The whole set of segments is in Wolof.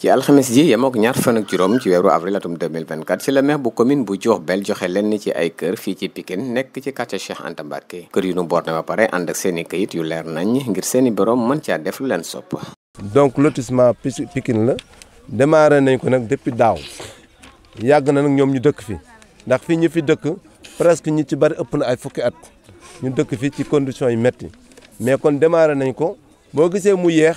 ci alxames ji yemook ñaar fan ak juróom ci weeru avril atum 2024 ci la maire bu commune bu bel joxe lenn ci ay kër fii ci Pikine nekk ci quartier Cheikh Anta kër yu nu borne ba pare ànd ak seeni kayit yu leer nañ ngir seeni borom mën caa def lu leen sopp donc lotissement Pikine la démarré nañ ko nag depuis daaw yàgg na nag ñoom ñu dëkk fi ndax fii ñu fi dëkk presque ñi ci bari ëpp na ay fukki at ñu dëkk fi ci condition yi metti mais kon démarré nañ ko boo gisee mu yeex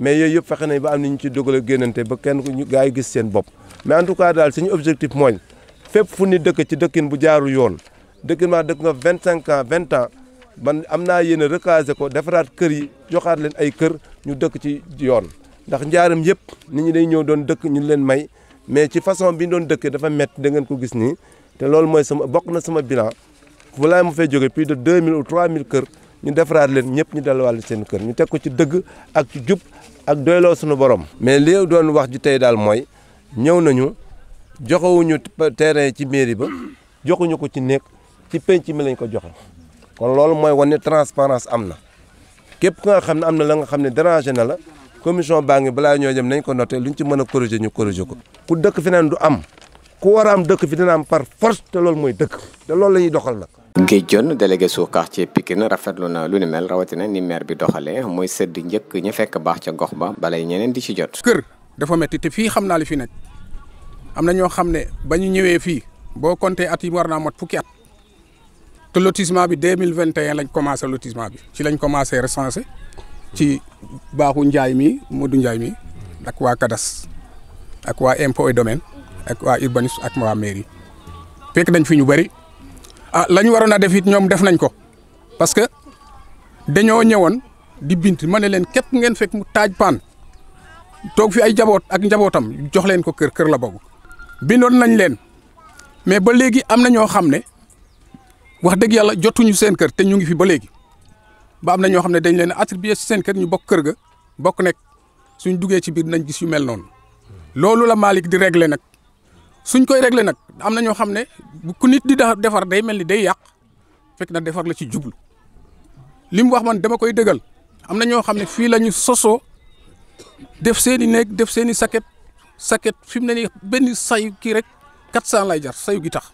mais yooyu yëpp fexe nañ ba am ni ñu ci dogale génnante ba kenn ñu gaa yi gis seen bopp mais en tout cas daal suñu objectif mooy fépp fu ni dëkk ci dëkkin bu jaaru yoon dëkkin maa dëkk nga vingt cinq ans vingt ans ban am naa yéen a recaser ko defaraat kër yi joxaat leen ay kër ñu dëkk ci yoon ndax njaaram yëpp ni ñi day ñëw doon dëkk ñu leen may mais ci façon bi doon dëkkee dafa métti da ngeen ko gis nii te loolu mooy sama bokk na sama bilan fu laay mu fay jógee plus de deux mille ou mille kër ñu defaraat leen ñëpp ñu delluwaat seen kër ñu teg ko ci dëgg ak ci jub ak doyloo suñu borom. mais li doon wax ju tey daal mooy ñëw nañu joxewuñu terrain ci mairie ba joxuñu ko ci nekk ci penc mi lañ ko joxe kon loolu mooy wane transparence am na képp ku nga xam ne am na la nga xam ne dérangé na la commission baa ngi balaa ñoo jëm nañ ko noté luñ ci mën a corriger ñu corriger ko. ku dëkk fi naan du am ku war a am dëkk fi dina am par force te loolu mooy dëkk te loolu la ñuy doxal nag. Guèye Dione délégué suuf quartier Pikine rafetlu na lu ni mel rawatina ni maire bi doxalee mooy sëdd njëkk ña fekk baax ca gox ba balay ñeneen di ci jot. kër dafa metti te fii xam naa li fi nekk am na ñoo xam ne ba ñu ñëwee fii boo compté at yi war naa mot fukki at te lotissement bi deux mille vingt et lañ commencé lotissement bi ci lañ commencé recensé ci baaxu njaay mi Modou Ndiaye mi ak waa Kadas ak waa impôt et domaine ak waa urbanisme ak waa mairie fekk nañ fi ñu bëri. ah la ñu waroon a def it ñoom def nañ ko parce que dañoo ñëwoon di bint ma ne leen képp ngeen fekk mu taaj paan toog fi ay jaboot ak njabootam jox leen ko kër kër la boobu. bindoon nañ leen mais ba léegi am na ñoo xam ne wax dëgg yàlla jotuñu seen kër te ñu ngi fi ba léegi ba am na ñoo xam ne dañ leen attribué si seen kër ñu bokk kër ga bokk nekk suñ duggee ci biir nañ gis yu mel noonu loolu la Malick di réglé nag. suñ koy régler nag am na ñoo xam ne ku nit di defar day mel ni day yàq fekk na defar la ci jublu li mu wax man dama koy dëggal am na ñoo xam ne fii la sosoo def seeni i néeg def seeni i saket saket fi mu ne nii benn sayu kii rek 400 lay jar sayu gi tax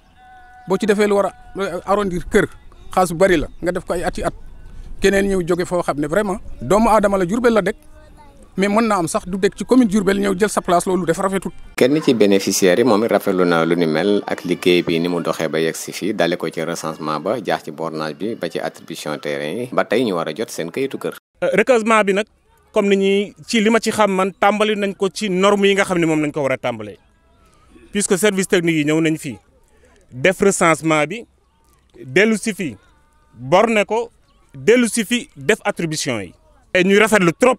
boo ci defee lu war a arrondir kër xaalis bu bari la nga def ko ay at yi at keneen ñëw jóge foo xam ne vraiment doomu aadama la Jurbel la dëkk mais mën naa am sax du dekk ci commune Diourbel ñëw jël sa place lolu def rafetut. kenn ci bénéficiaire momi moom rafetlu na lu ni mel ak liggéey bi ni mu doxé ba yex ci fi dalé ko ci recensement ba jaax ci bornage bi ba ci attribution terrain ba tay ñu wara jot seen kayitu kër. Euh, recensement bi nak comme ni ñuy ci lima ci xam man tambali nañ ko ci norme yi nga xam ne moom nañ ko wara tambalé puisque service technique yi ñëw nañ fi def recensement bi delu ci fi borné ko delu ci fi def attribution yi. ñu rafetlu trop.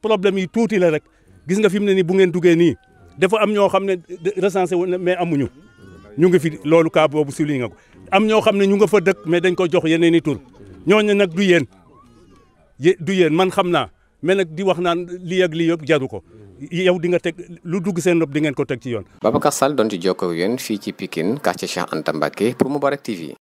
problème yi tuuti la rek gis nga fi mu ne nii bu ngeen duggee nii dafa am ñoo xam ne recensé wu mais amuñu ñu ngi fi loolu cas boobu souligné nga ko am ñoo xam ne ñu nga fa dëkk mais dañ ko jox yeneen i tur ñooñu nag du yéen du yéen man xam naa mais nag di wax naan lii ak lii yëpp jaru ko yow di nga teg lu dugg seen nopp di ngeen ko teg ci yoon. Babacar Sall doon ci jokkoo yéen fii ci Pikine quartier Cheikh Anta Mbacké pour Moubarak TV.